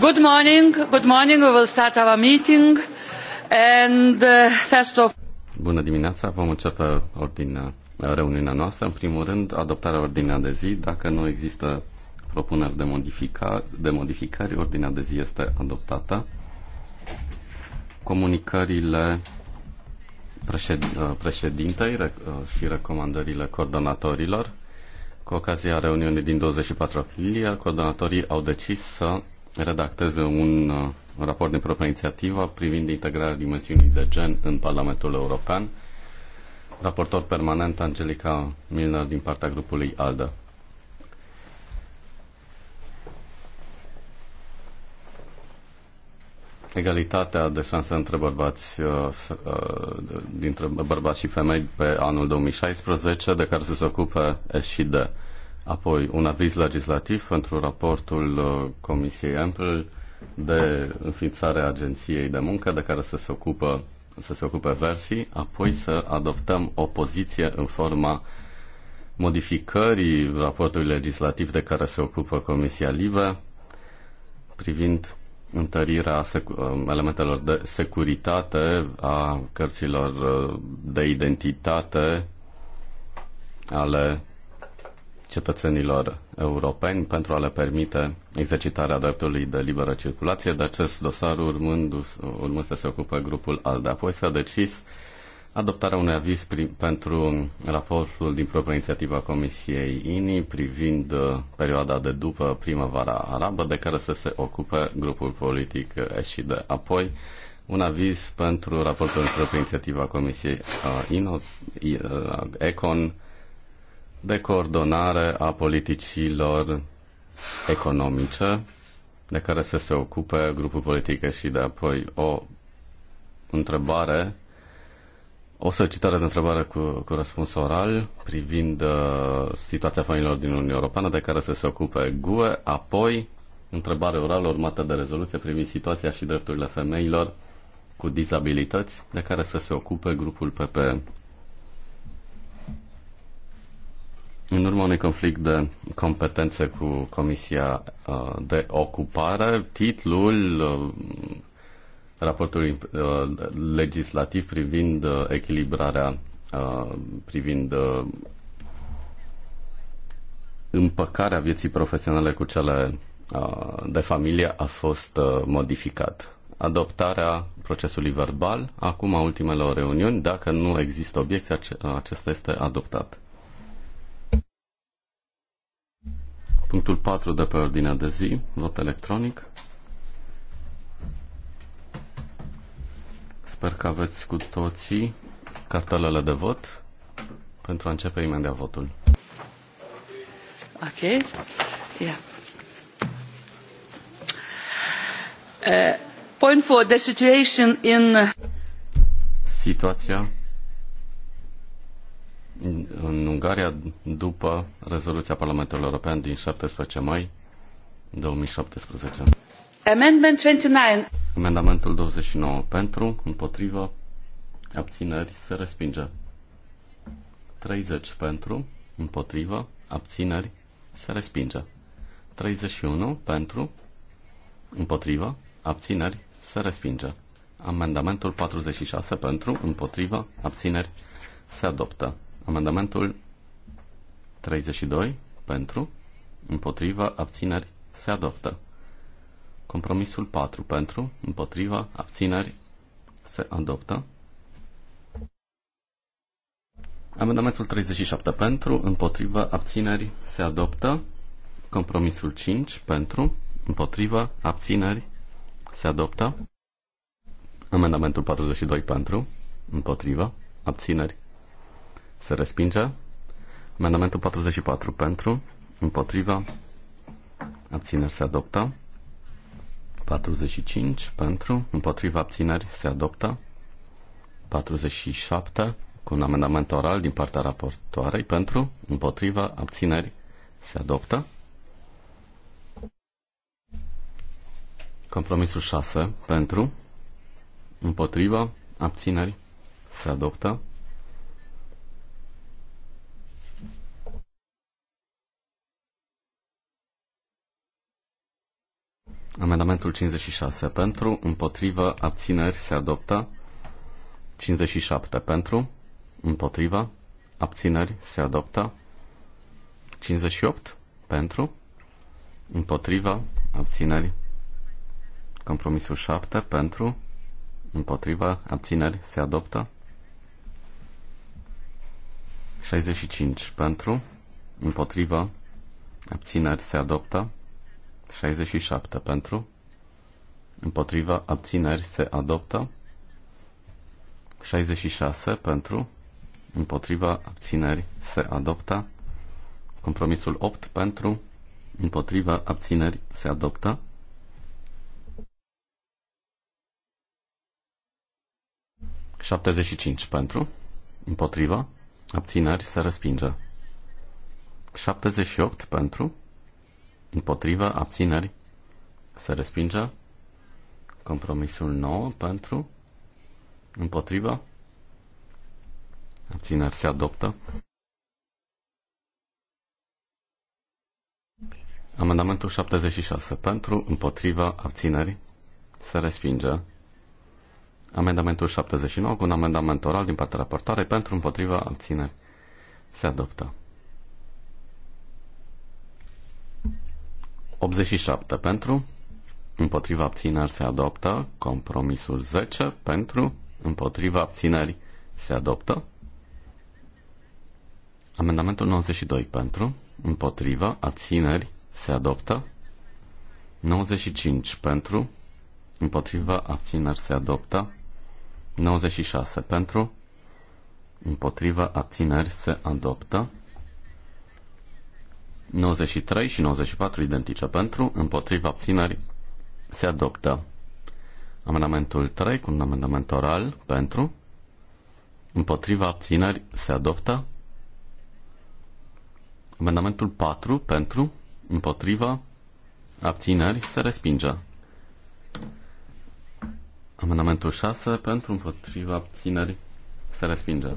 Good morning, good morning. We will start our meeting and uh, first of Bună dimineața, vom începe ordinea, reuniunea noastră. În primul rând, adoptarea ordinea de zi. Dacă nu există propuneri de, modificare, de modificări, ordinea de zi este adoptată. Comunicările uh, președintei uh, și recomandările coordonatorilor. Cu ocazia reuniunii din 24 aprilie, coordonatorii au decis să redacteze un uh, raport de propria inițiativă privind integrarea dimensiunii de gen în Parlamentul European. Raportor permanent Angelica Milner din partea grupului ALDE. egalitatea de șanse între bărbați, uh, uh, dintre bărbați și femei pe anul 2016, de care se ocupă S și D apoi un aviz legislativ pentru raportul uh, Comisiei Ample de a agenției de muncă de care să se ocupă să se ocupe versii, apoi să adoptăm o poziție în forma modificării raportului legislativ de care se ocupă Comisia Live privind întărirea uh, elementelor de securitate a cărților uh, de identitate ale cetățenilor europeni pentru a le permite exercitarea dreptului de liberă circulație. De acest dosar urmând, urmând să se ocupe grupul ALDE. Apoi s-a decis adoptarea unui aviz prim, pentru raportul din propria inițiativă a Comisiei INI privind uh, perioada de după primăvara arabă de care să se ocupe grupul politic de Apoi un aviz pentru raportul din propria inițiativă a Comisiei uh, INO, uh, ECON de coordonare a politicilor economice de care să se ocupe grupul politică și de apoi o întrebare, o solicitare de întrebare cu, cu răspuns oral privind uh, situația familiilor din Uniunea Europeană de care să se ocupe GUE, apoi întrebare orală urmată de rezoluție privind situația și drepturile femeilor cu dizabilități de care să se ocupe grupul PP În urma unui conflict de competențe cu Comisia uh, de Ocupare, titlul uh, raportului uh, legislativ privind echilibrarea, privind împăcarea vieții profesionale cu cele de familie a fost modificat. Adoptarea procesului verbal, acum a ultimelor reuniuni, dacă nu există obiecții, acesta este adoptat. Punctul 4 de pe ordinea de zi, vot electronic. Sper că aveți cu toții cartelele de vot pentru a începe imediat votul. Ok. Yeah. Uh, point for The situation in... Situația în Ungaria, după rezoluția Parlamentului European din 17 mai 2017. Amendment 29. Amendamentul 29 pentru, împotrivă, abțineri, se respinge. 30 pentru, împotrivă, abțineri, se respinge. 31 pentru, împotrivă, abțineri, se respinge. Amendamentul 46 pentru, împotrivă, abțineri, se adoptă. Amendamentul 32 pentru, împotriva, abțineri se adoptă. Compromisul 4 pentru, împotriva, abțineri se adoptă. Amendamentul 37 pentru, împotriva, abțineri se adoptă. Compromisul 5 pentru, împotriva, abțineri se adoptă. Amendamentul 42 pentru, împotriva, abțineri se respinge. Amendamentul 44 pentru, împotriva, abțineri se adoptă. 45 pentru, împotriva abțineri se adoptă. 47 cu un amendament oral din partea raportoarei pentru, împotriva abțineri se adoptă. Compromisul 6 pentru, împotriva abțineri se adoptă. Amendamentul 56 pentru, împotrivă, abțineri se adoptă. 57 pentru, împotrivă, abțineri se adoptă. 58 pentru, împotrivă, abțineri. Compromisul 7 pentru, împotrivă, abțineri se adoptă. 65 pentru, împotrivă, abțineri se adoptă. 67 pentru, împotriva abțineri se adoptă. 66 pentru, împotriva abțineri se adoptă. Compromisul 8 pentru, împotriva abțineri se adoptă. Șaptezeci cinci pentru, împotriva, abțineri se respinge. 78 pentru, împotrivă, abțineri, se respinge. Compromisul 9 pentru, împotrivă, abțineri se adoptă. Amendamentul 76 pentru, împotrivă, abțineri, se respinge. Amendamentul 79 cu un amendament oral din partea raportoarei pentru, împotrivă, abțineri, se adoptă. 87 pentru, împotriva abțineri se adoptă, compromisul 10 pentru, împotriva abțineri se adoptă, amendamentul 92 pentru, împotriva abțineri se adoptă, 95 pentru, împotriva abțineri se adoptă, 96 pentru, împotriva abțineri se adoptă, 93 și 94 identice pentru, împotriva abțineri se adoptă. Amendamentul 3 cu un amendament oral pentru, împotriva abțineri se adoptă. Amendamentul 4 pentru, împotriva abțineri se respinge. Amendamentul 6 pentru, împotriva abțineri se respinge.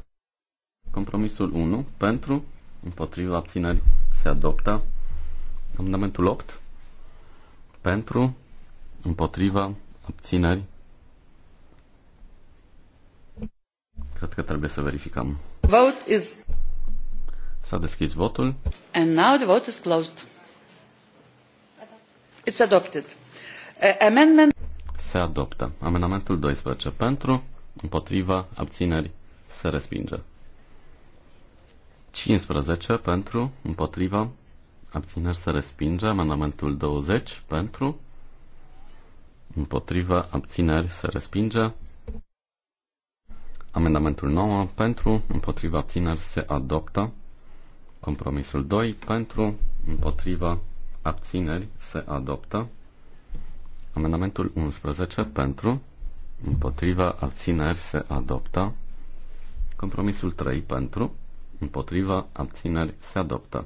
Compromisul 1 pentru, împotriva abțineri se adoptă. Amendamentul 8 pentru, împotriva, abțineri. Cred că trebuie să verificăm. Vote is... S-a deschis votul. And now the vote is closed. It's adopted. Uh, amendment... Se adoptă. Amendamentul 12 pentru, împotriva, abțineri, se respinge. 15 pentru, împotriva, abțineri se respinge. Amendamentul 20 pentru, împotriva, abțineri se respinge. Amendamentul 9 pentru, împotriva, abțineri se adoptă. Compromisul 2 pentru, împotriva, abțineri se adoptă. Amendamentul 11 pentru, împotriva, abțineri se adoptă. Compromisul 3 pentru, împotriva, abțineri, se adoptă.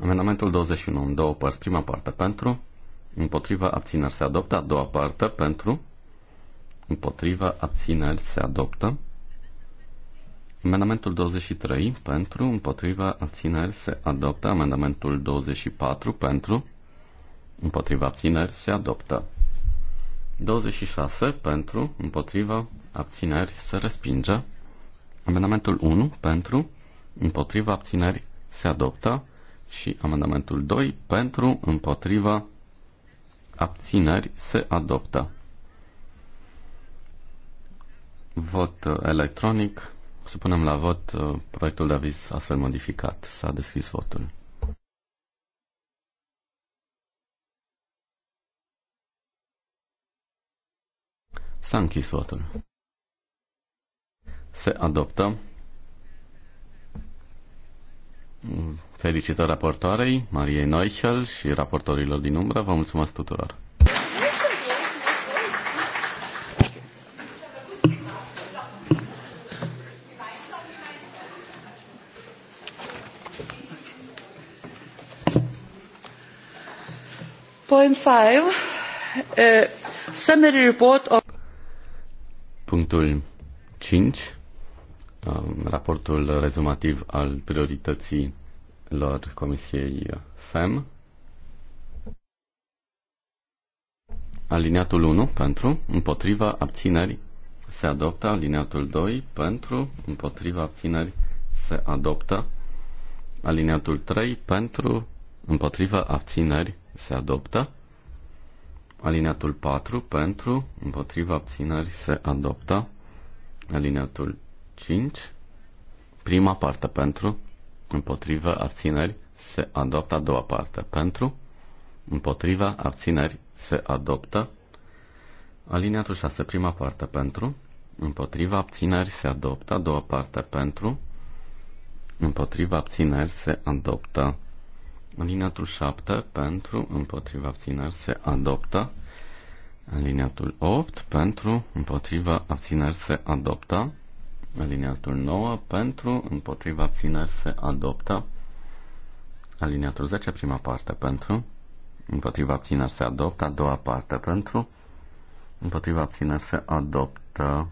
Amendamentul 21 în două părți. Prima parte pentru, împotriva, abțineri, se adoptă. A doua parte pentru, împotriva, abțineri, se adoptă. Amendamentul 23 pentru, împotriva, abțineri, se adoptă. Amendamentul 24 pentru, împotriva, abțineri, se adoptă. 26 pentru, împotriva, abțineri, se respinge. Amendamentul 1 pentru, împotriva abțineri, se adoptă. Și amendamentul 2 pentru, împotriva abțineri, se adoptă. Vot uh, electronic. Supunem la vot uh, proiectul de aviz astfel modificat. S-a deschis votul. S-a închis votul. Se adoptă. Felicitări raportoarei, Mariei Neuchel și raportorilor din umbră. Vă mulțumesc tuturor! Point five, uh, summary report of... Punctul 5 Um, raportul rezumativ al priorității lor Comisiei FEM. Aliniatul 1 pentru, împotriva abțineri se adoptă. Aliniatul 2 pentru, împotriva abțineri se adoptă. Aliniatul 3 pentru, împotriva abțineri se adoptă. Alineatul 4 pentru, împotriva abțineri se adoptă. Alineatul 5, prima parte pentru, împotrivă, abțineri, se adoptă a doua parte pentru, împotriva, abțineri, se adoptă. Aliniatul 6, prima parte pentru, împotriva, abțineri, se adoptă a doua parte pentru, împotriva, abțineri, se adoptă. Aliniatul 7, pentru, împotriva, abțineri, se adoptă. Aliniatul 8, pentru, împotriva, abțineri, se adoptă. Aliniatul 9 pentru, împotriva abțineri se adoptă. Aliniatul 10, prima parte pentru, împotriva abțineri se adoptă. A doua parte pentru, împotriva abțineri se adoptă.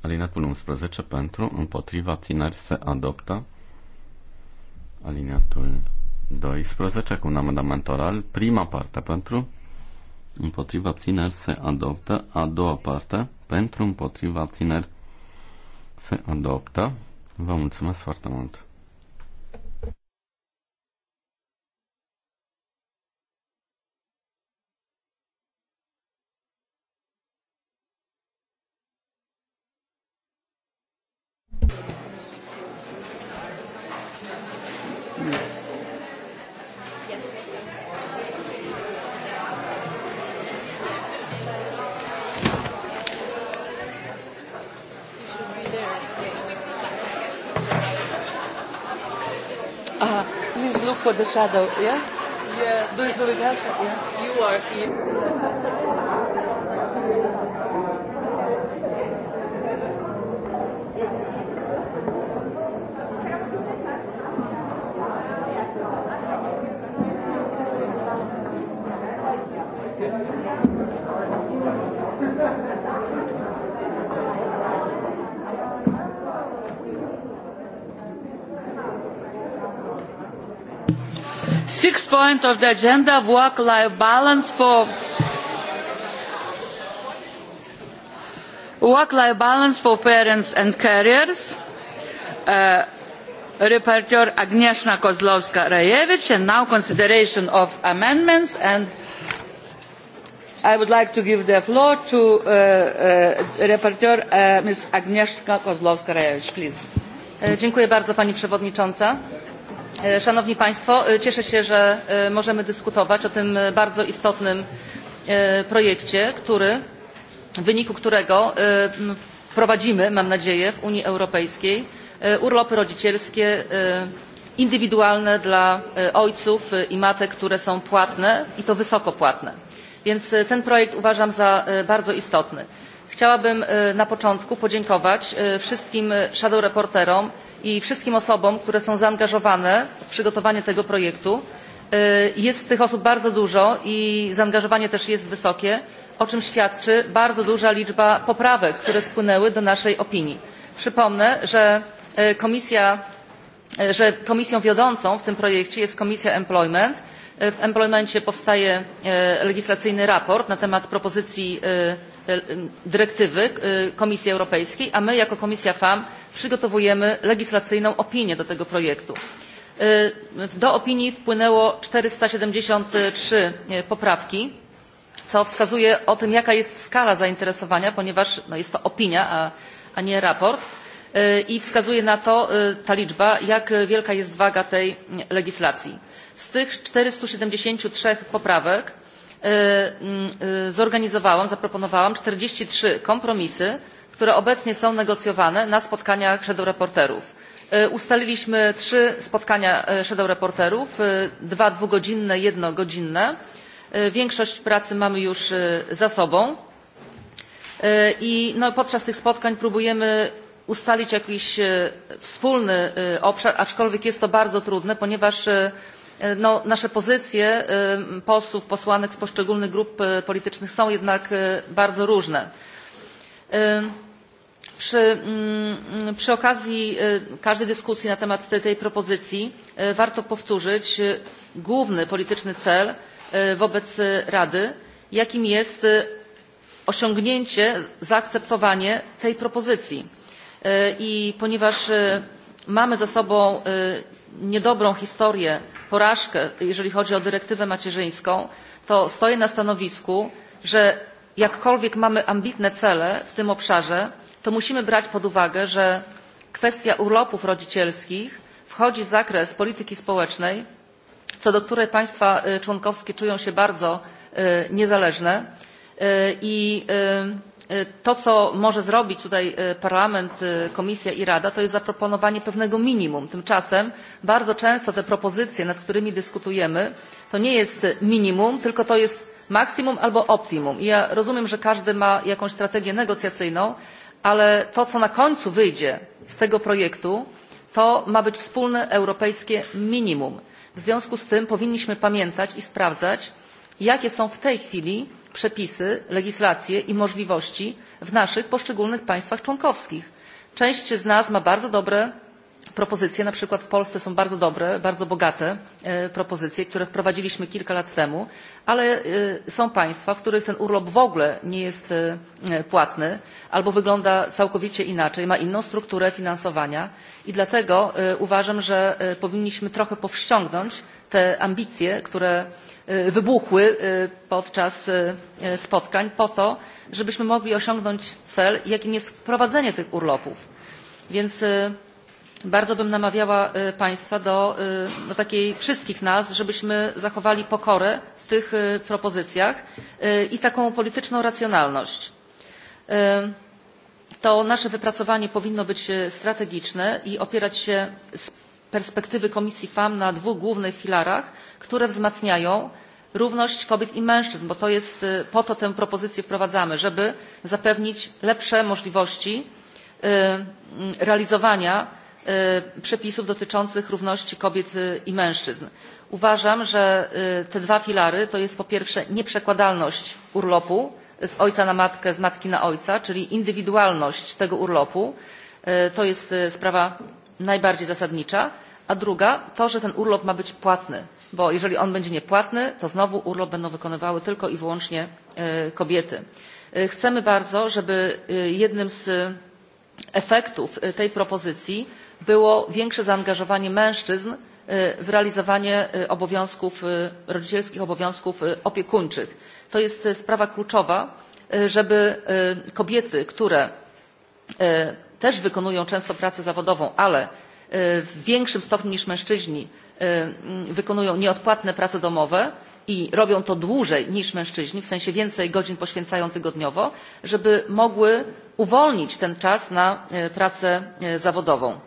Aliniatul 11 pentru, împotriva abțineri se adoptă. Aliniatul 12 cu un amendament oral, prima parte pentru, împotriva abțineri se adoptă. A doua parte pentru, împotriva abțineri se adoptă. Vă mulțumesc foarte mult! for the shadow, yeah? Yes. Do, yes. do we have? Yeah. You are here. Sixth point of the agenda, work-life balance for work-life balance for parents and carriers. Uh, rapporteur Agnieszka Kozlowska-Rajewicz and now consideration of amendments and I would like to give the floor to uh, uh, rapporteur uh, Ms. Agnieszka Kozlowska-Rajewicz, please. Dziękuję bardzo Pani Przewodnicząca. Szanowni Państwo, cieszę się, że możemy dyskutować o tym bardzo istotnym projekcie, w wyniku którego wprowadzimy, mam nadzieję, w Unii Europejskiej urlopy rodzicielskie indywidualne dla ojców i matek, które są płatne i to wysoko płatne. Więc ten projekt uważam za bardzo istotny. Chciałabym na początku podziękować wszystkim shadow i wszystkim osobom, które są zaangażowane w przygotowanie tego projektu. Jest tych osób bardzo dużo i zaangażowanie też jest wysokie, o czym świadczy bardzo duża liczba poprawek, które spłynęły do naszej opinii. Przypomnę, że, komisja, że komisją wiodącą w tym projekcie jest Komisja Employment. W Employmentie powstaje legislacyjny raport na temat propozycji dyrektywy Komisji Europejskiej, a my jako Komisja FAM przygotowujemy legislacyjną opinię do tego projektu. Do opinii wpłynęło 473 poprawki, co wskazuje o tym, jaka jest skala zainteresowania, ponieważ no, jest to opinia, a, a nie raport i wskazuje na to ta liczba, jak wielka jest waga tej legislacji. Z tych 473 poprawek zorganizowałam, zaproponowałam 43 kompromisy, które obecnie są negocjowane na spotkaniach sprawozdawców ustaliliśmy trzy spotkania sprawozdawców dwa dwugodzinne i jedno godzinne większość pracy mamy już za sobą i podczas tych spotkań próbujemy ustalić jakiś wspólny obszar aczkolwiek jest to bardzo trudne ponieważ nasze pozycje posłów posłanek z poszczególnych grup politycznych są jednak bardzo różne przy, mm, przy okazji każdej dyskusji na temat tej, tej propozycji warto powtórzyć główny polityczny cel wobec Rady, jakim jest osiągnięcie, zaakceptowanie tej propozycji. I ponieważ mamy za sobą niedobrą historię, porażkę, jeżeli chodzi o dyrektywę macierzyńską, to stoję na stanowisku, że jakkolwiek mamy ambitne cele w tym obszarze, to musimy brać pod uwagę że kwestia urlopów rodzicielskich wchodzi w zakres polityki społecznej co do której państwa członkowskie czują się bardzo niezależne i to co może zrobić tutaj parlament komisja i rada to jest zaproponowanie pewnego minimum. tymczasem bardzo często te propozycje nad którymi dyskutujemy to nie jest minimum tylko to jest maksimum albo optimum. I ja rozumiem że każdy ma jakąś strategię negocjacyjną ale to co na końcu wyjdzie z tego projektu to ma być wspólne europejskie minimum. w związku z tym powinniśmy pamiętać i sprawdzać jakie są w tej chwili przepisy legislacje i możliwości w naszych poszczególnych państwach członkowskich. część z nas ma bardzo dobre propozycje na przykład w Polsce są bardzo dobre, bardzo bogate propozycje, które wprowadziliśmy kilka lat temu, ale są państwa, w których ten urlop w ogóle nie jest płatny albo wygląda całkowicie inaczej, ma inną strukturę finansowania i dlatego uważam, że powinniśmy trochę powściągnąć te ambicje, które wybuchły podczas spotkań po to, żebyśmy mogli osiągnąć cel, jakim jest wprowadzenie tych urlopów. Więc bardzo bym namawiała państwa do, do takiej wszystkich nas żebyśmy zachowali pokorę w tych propozycjach i taką polityczną racjonalność. to nasze wypracowanie powinno być strategiczne i opierać się z perspektywy komisji femm na dwóch głównych filarach które wzmacniają równość kobiet i mężczyzn bo to jest po to tę propozycję wprowadzamy żeby zapewnić lepsze możliwości realizowania przepisów dotyczących równości kobiet i mężczyzn. uważam że te dwa filary to jest po pierwsze nieprzekładalność urlopu z ojca na matkę z matki na ojca czyli indywidualność tego urlopu to jest sprawa najbardziej zasadnicza a druga to że ten urlop ma być płatny bo jeżeli on będzie niepłatny to znowu urlop będą wykonywały tylko i wyłącznie kobiety. chcemy bardzo żeby jednym z efektów tej propozycji było większe zaangażowanie mężczyzn w realizowanie obowiązków rodzicielskich obowiązków opiekuńczych. to jest sprawa kluczowa żeby kobiety które też wykonują często pracę zawodową ale w większym stopniu niż mężczyźni wykonują nieodpłatne prace domowe i robią to dłużej niż mężczyźni w sensie więcej godzin poświęcają tygodniowo żeby mogły uwolnić ten czas na pracę zawodową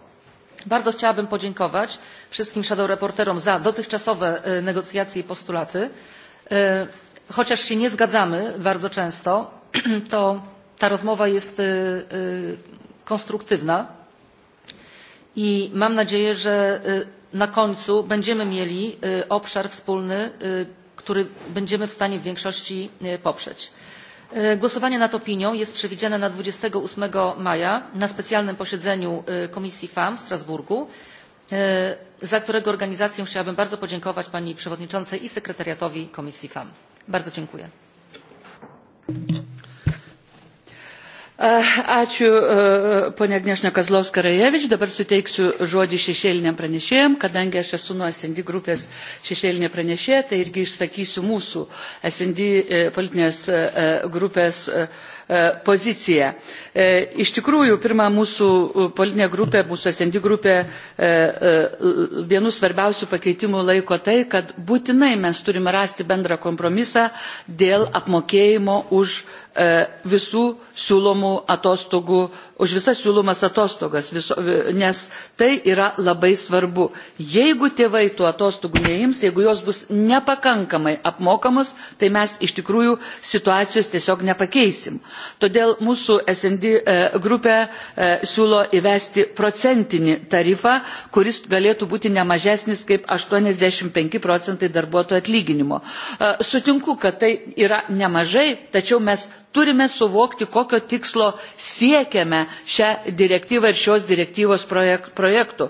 bardzo chciałabym podziękować wszystkim kontrsprawozdawcom za dotychczasowe negocjacje i postulaty. chociaż się nie zgadzamy bardzo często to ta rozmowa jest konstruktywna i mam nadzieję że na końcu będziemy mieli obszar wspólny który będziemy w stanie w większości poprzeć. Głosowanie nad opinią jest przewidziane na dwadzieścia osiem maja na specjalnym posiedzeniu Komisji femm w Strasburgu, za którego organizację chciałabym bardzo podziękować Pani Przewodniczącej i Sekretariatowi Komisji femm. Bardzo dziękuję. Eh, ačiū eh, ponia Agniešna Kazlovska Rajevič. Dabar suteiksiu žodį šešėliniam pranešėjam, kadangi aš esu nuo SND grupės šešėlinė pranešėja, tai irgi išsakysiu mūsų SND eh, politinės grupės poziciją. Iš tikrųjų, pirma mūsų politinė grupė, mūsų SND grupė vienu svarbiausių pakeitimų laiko tai, kad būtinai mes turime rasti bendrą kompromisą dėl apmokėjimo už visų siūlomų atostogų už visas siūlomas atostogas, viso, nes tai yra labai svarbu. Jeigu tėvai tų atostogų neims, jeigu jos bus nepakankamai apmokamos, tai mes iš tikrųjų situacijos tiesiog nepakeisim. Todėl mūsų SND grupė siūlo įvesti procentinį tarifą, kuris galėtų būti nemažesnis kaip 85 procentai darbuotojų atlyginimo. Sutinku, kad tai yra nemažai, tačiau mes turime suvokti, kokio tikslo siekiame šią direktyvą ir šios direktyvos projektu.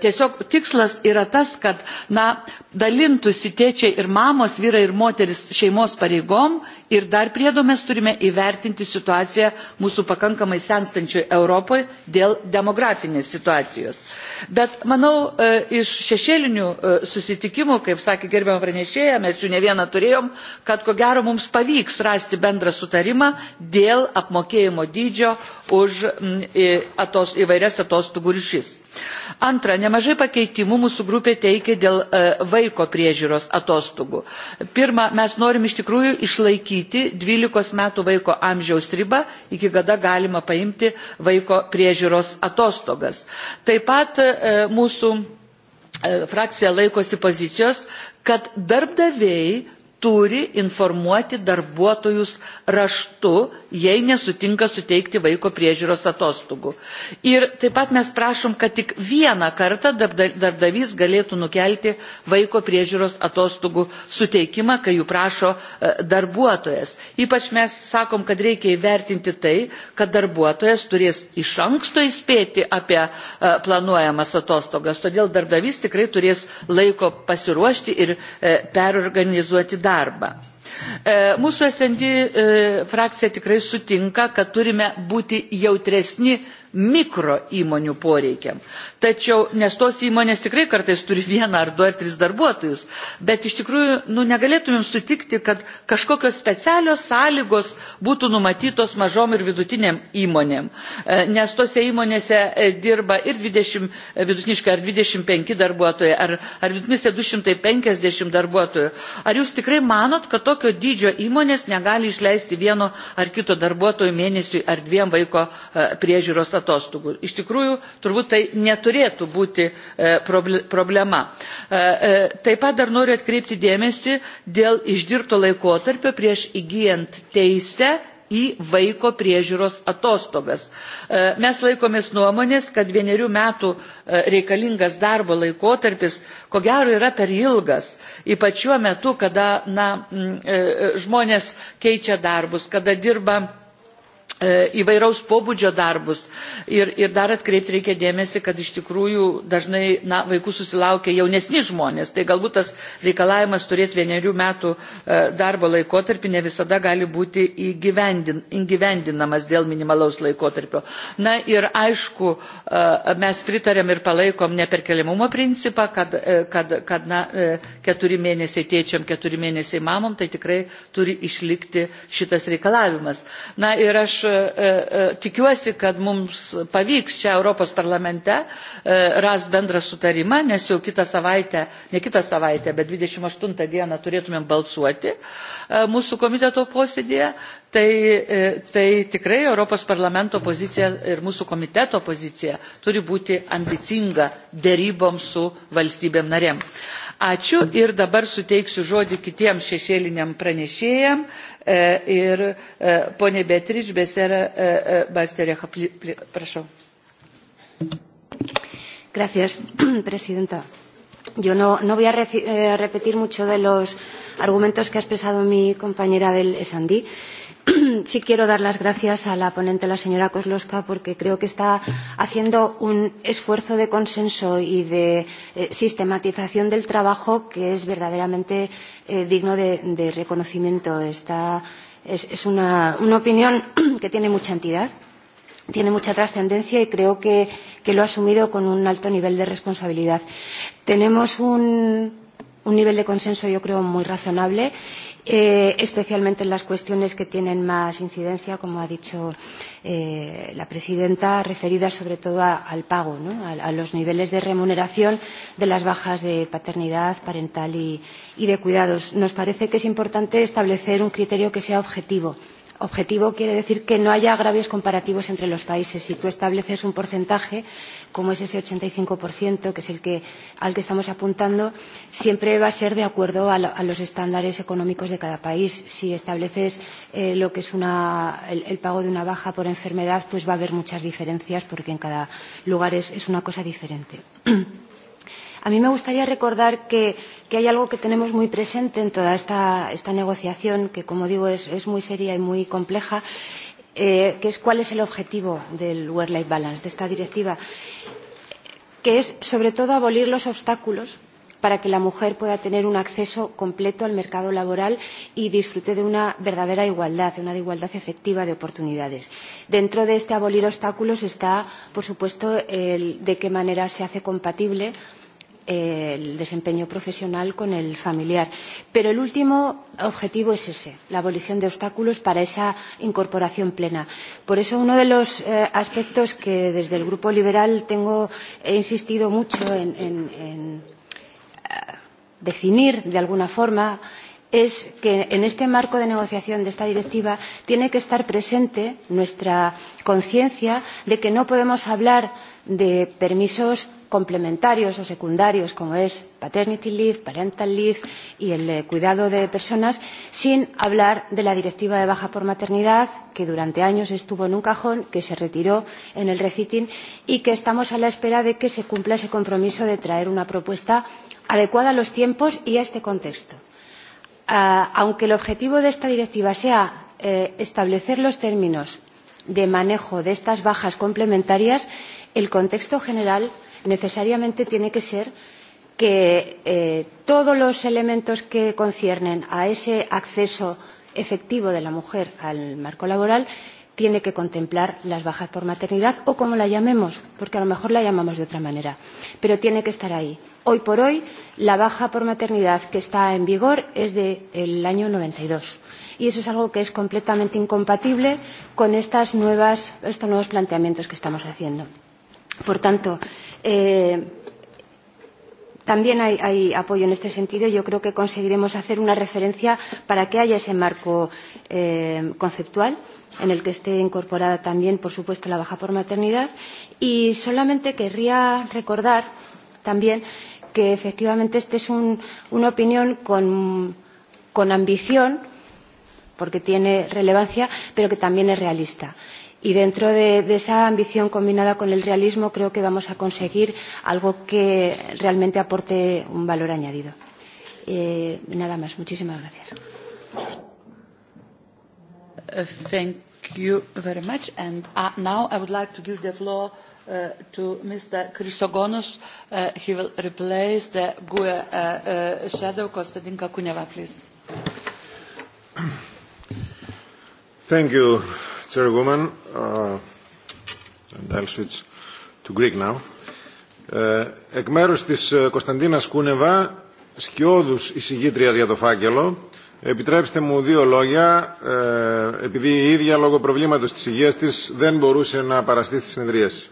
Tiesiog tikslas yra tas, kad na, dalintųsi tėčiai ir mamos, vyrai ir moteris šeimos pareigom ir dar priedo mes turime įvertinti situaciją mūsų pakankamai senstančioje Europoje dėl demografinės situacijos. Bet manau, iš šešėlinių susitikimų, kaip sakė gerbiamą pranešėją, mes jų ne vieną turėjom, kad ko gero mums pavyks rasti bendrą sutarimą susitarimą dėl apmokėjimo dydžio už mm, atos, įvairias atostogų ryšis. Antra, nemažai pakeitimų mūsų grupė teikia dėl vaiko priežiūros atostogų. Pirma, mes norim iš tikrųjų išlaikyti 12 metų vaiko amžiaus ribą, iki kada galima paimti vaiko priežiūros atostogas. Taip pat mūsų frakcija laikosi pozicijos, kad darbdaviai turi informuoti darbuotojus raštu, jei nesutinka suteikti vaiko priežiūros atostogų. Ir taip pat mes prašom, kad tik vieną kartą darbdavys galėtų nukelti vaiko priežiūros atostogų suteikimą, kai jų prašo darbuotojas. Ypač mes sakom, kad reikia įvertinti tai, kad darbuotojas turės iš anksto įspėti apie planuojamas atostogas, todėl darbdavys tikrai turės laiko pasiruošti ir perorganizuoti darbą darbą. Mūsų SND frakcija tikrai sutinka, kad turime būti jautresni mikro įmonių poreikiam. Tačiau, nes tos įmonės tikrai kartais turi vieną ar du ar tris darbuotojus, bet iš tikrųjų nu, negalėtumėm sutikti, kad kažkokios specialios sąlygos būtų numatytos mažom ir vidutiniam įmonėm, nes tose įmonėse dirba ir 20, vidutiniškai ar 25 darbuotojai, ar, ar vidutinėse 250 darbuotojų. Ar jūs tikrai manot, kad tokio dydžio įmonės negali išleisti vieno ar kito darbuotojo mėnesiui ar dviem vaiko priežiūros atostogų? atostogų. Iš tikrųjų, turbūt tai neturėtų būti problema. Taip pat dar noriu atkreipti dėmesį dėl išdirbto laikotarpio prieš įgyjant teisę į vaiko priežiūros atostogas. Mes laikomės nuomonės, kad vienerių metų reikalingas darbo laikotarpis, ko gero, yra per ilgas, ypač šiuo metu, kada na, žmonės keičia darbus, kada dirba įvairaus pobūdžio darbus ir, ir dar atkreipti reikia dėmesį, kad iš tikrųjų dažnai na, vaikų susilaukia jaunesni žmonės, tai galbūt tas reikalavimas turėti vienerių metų darbo laikotarpį ne visada gali būti įgyvendinamas dėl minimalaus laikotarpio. Na ir aišku, mes pritarėm ir palaikom neperkeliamumo principą, kad, kad, kad na, keturi mėnesiai tėčiam, keturi mėnesiai mamom, tai tikrai turi išlikti šitas reikalavimas. Na ir aš tikiuosi kad mums pavyks čia europos parlamente rasti bendrą sutarimą nes jau kitą savaitę ne kitą savaitę bet dvidešimt aštuntą dieną turėtumėm balsuoti mūsų komiteto posėdyje tai, tai tikrai europos parlamento pozicija ir mūsų komiteto pozicija turi būti ambicinga deryboms su valstybėm narėm ačiū ir dabar suteiksiu žodį kitiems šešėliniam pranešėjam ir ponė beatrič Besera Basterecha. prašau. Gracias, presidenta. Yo no, no voy a eh, repetir mucho de los argumentos que ha expresado mi compañera del SND sí quiero dar las gracias a la ponente, la señora Koslowska, porque creo que está haciendo un esfuerzo de consenso y de eh, sistematización del trabajo que es verdaderamente eh, digno de, de reconocimiento. Está, es es una, una opinión que tiene mucha entidad tiene mucha trascendencia y creo que, que lo ha asumido con un alto nivel de responsabilidad. Tenemos un, un nivel de consenso yo creo muy razonable, eh, especialmente en las cuestiones que tienen más incidencia, como ha dicho eh, la presidenta, referidas sobre todo a, al pago, ¿no? a, a los niveles de remuneración de las bajas de paternidad, parental y, y de cuidados. Nos parece que es importante establecer un criterio que sea objetivo Objetivo quiere decir que no haya agravios comparativos entre los países. Si tú estableces un porcentaje, como es ese 85%, que es el que, al que estamos apuntando, siempre va a ser de acuerdo a, la, a los estándares económicos de cada país. Si estableces eh, lo que es una, el, el pago de una baja por enfermedad, pues va a haber muchas diferencias porque en cada lugar es, es una cosa diferente. A mí me gustaría recordar que, que hay algo que tenemos muy presente en toda esta, esta negociación, que como digo es, es muy seria y muy compleja, eh, que es cuál es el objetivo del Work-Life Balance, de esta directiva, que es sobre todo abolir los obstáculos para que la mujer pueda tener un acceso completo al mercado laboral y disfrute de una verdadera igualdad, de una igualdad efectiva de oportunidades. Dentro de este abolir obstáculos está, por supuesto, el de qué manera se hace compatible Eh, el desempeño profesional con el familiar. Pero el último objetivo es ese, la abolición de obstáculos para esa incorporación plena. Por eso uno de los eh, aspectos que desde el Grupo Liberal tengo, he insistido mucho en, en, en eh, definir de alguna forma es que en este marco de negociación de esta directiva tiene que estar presente nuestra conciencia de que no podemos hablar de permisos complementarios o secundarios como es paternity leave, parental leave y el eh, cuidado de personas, sin hablar de la directiva de baja por maternidad que durante años estuvo en un cajón, que se retiró en el refitting y que estamos a la espera de que se cumpla ese compromiso de traer una propuesta adecuada a los tiempos y a este contexto. Uh, aunque el objetivo de esta directiva sea eh, establecer los términos de manejo de estas bajas complementarias, el contexto general necesariamente tiene que ser que eh, todos los elementos que conciernen a ese acceso efectivo de la mujer al marco laboral tiene que contemplar las bajas por maternidad o como la llamemos, porque a lo mejor la llamamos de otra manera, pero tiene que estar ahí. Hoy por hoy, la baja por maternidad que está en vigor es del de año 92 y eso es algo que es completamente incompatible con estas nuevas, estos nuevos planteamientos que estamos haciendo. Por tanto, eh, También hay, hay apoyo en este sentido. Yo creo que conseguiremos hacer una referencia para que haya ese marco eh, conceptual en el que esté incorporada también, por supuesto, la baja por maternidad. Y solamente querría recordar también que efectivamente esta es un, una opinión con, con ambición, porque tiene relevancia, pero que también es realista. Y dentro de, de esa ambición combinada con el realismo creo que vamos a conseguir algo que realmente aporte un valor añadido. Eh, nada más. Muchísimas gracias. Uh, thank you very much. And uh, now I would like to give the floor uh, to Mr. Christogonos. Uh, he will replace the GUE uh, uh, shadow, Kostadinka Kuneva, please. Thank you. Chairwoman, uh, and I'll switch to Greek now. εκ μέρους της Κωνσταντίνας Κούνεβα, σκιώδους εισηγήτριας για το φάκελο, επιτρέψτε μου δύο λόγια, επειδή η ίδια λόγω προβλήματος της υγείας της δεν μπορούσε να παραστεί στη συνεδρίαση.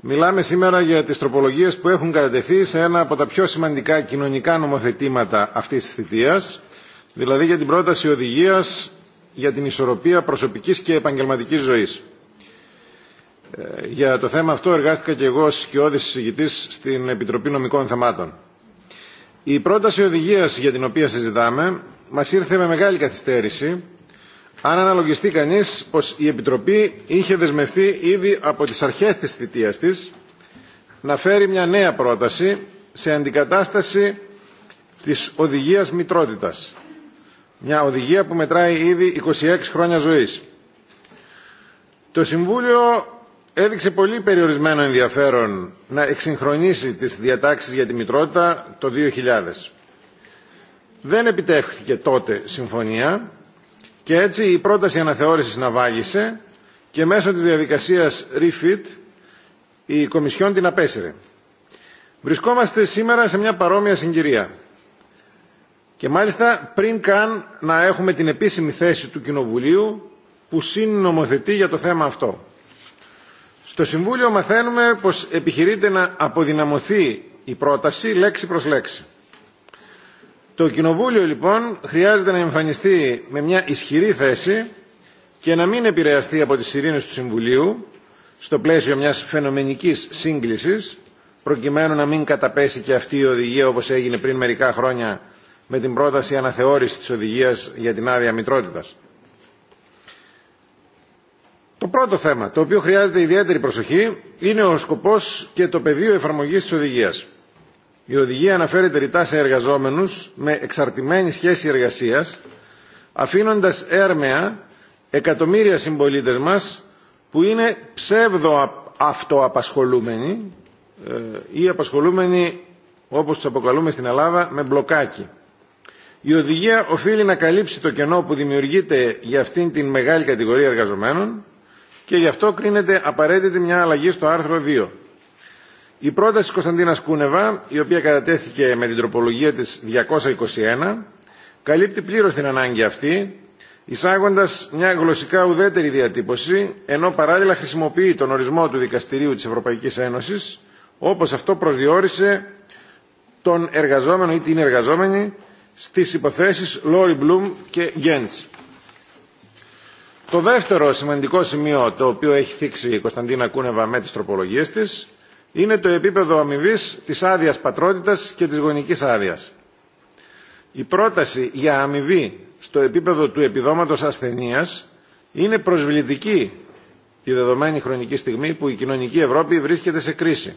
Μιλάμε σήμερα για τις τροπολογίες που έχουν κατατεθεί σε ένα από τα πιο σημαντικά κοινωνικά νομοθετήματα αυτής της θητείας, δηλαδή για την πρόταση οδηγίας για την ισορροπία προσωπικής και επαγγελματικής ζωής. Για το θέμα αυτό εργάστηκα και εγώ ως σκιώδης συζητητής στην Επιτροπή Νομικών Θεμάτων. Η πρόταση οδηγίας για την οποία συζητάμε μας ήρθε με μεγάλη καθυστέρηση αν αναλογιστεί κανείς πως η Επιτροπή είχε δεσμευτεί ήδη από τις αρχές της θητείας της να φέρει μια νέα πρόταση σε αντικατάσταση της οδηγίας μητρότητας μια οδηγία που μετράει ήδη 26 χρόνια ζωής. Το Συμβούλιο έδειξε πολύ περιορισμένο ενδιαφέρον να εξυγχρονίσει τις διατάξεις για τη μητρότητα το 2000. Δεν επιτεύχθηκε τότε συμφωνία και έτσι η πρόταση αναθεώρησης ναυάγησε και μέσω της διαδικασίας refit η Κομισιόν την απέσυρε. Βρισκόμαστε σήμερα σε μια παρόμοια συγκυρία. Και μάλιστα πριν καν να έχουμε την επίσημη θέση του Κοινοβουλίου που συνομοθετεί για το θέμα αυτό. Στο Συμβούλιο μαθαίνουμε πως επιχειρείται να αποδυναμωθεί η πρόταση λέξη προς λέξη. Το Κοινοβούλιο λοιπόν χρειάζεται να εμφανιστεί με μια ισχυρή θέση και να μην επηρεαστεί από τις ειρήνες του Συμβουλίου στο πλαίσιο μιας φαινομενικής σύγκλησης προκειμένου να μην καταπέσει και αυτή η οδηγία όπως έγινε πριν μερικά χρόνια με την πρόταση αναθεώρησης της οδηγίας για την άδεια μητρότητας. Το πρώτο θέμα, το οποίο χρειάζεται ιδιαίτερη προσοχή, είναι ο σκοπός και το πεδίο εφαρμογής της οδηγίας. Η οδηγία αναφέρεται ρητά σε εργαζόμενους με εξαρτημένη σχέση εργασίας, αφήνοντας έρμεα εκατομμύρια συμπολίτες μας που είναι ψεύδο αυτοαπασχολούμενοι ή απασχολούμενοι όπως τους αποκαλούμε στην Ελλάδα με μπλοκάκι. Η οδηγία οφείλει να καλύψει το κενό που δημιουργείται για αυτήν την μεγάλη κατηγορία εργαζομένων και γι' αυτό κρίνεται απαραίτητη μια αλλαγή στο άρθρο 2. Η πρόταση Κωνσταντίνας Κούνεβα, η οποία κατατέθηκε με την τροπολογία της 221, καλύπτει πλήρως την ανάγκη αυτή, εισάγοντας μια γλωσσικά ουδέτερη διατύπωση, ενώ παράλληλα χρησιμοποιεί τον ορισμό του Δικαστηρίου της Ευρωπαϊκής Ένωσης, όπως αυτό προσδιορίσε τον εργαζόμενο ή την εργαζόμενη στις υποθέσεις Λόρι Μπλουμ και Γκέντς. Το δεύτερο σημαντικό σημείο το οποίο έχει θίξει η Κωνσταντίνα Κούνεβα με τις τροπολογίες της είναι το επίπεδο αμοιβή της άδεια πατρότητας και της γονικής άδεια. Η πρόταση για αμοιβή στο επίπεδο του επιδόματος ασθενείας είναι προσβλητική τη δεδομένη χρονική στιγμή που η κοινωνική Ευρώπη βρίσκεται σε κρίση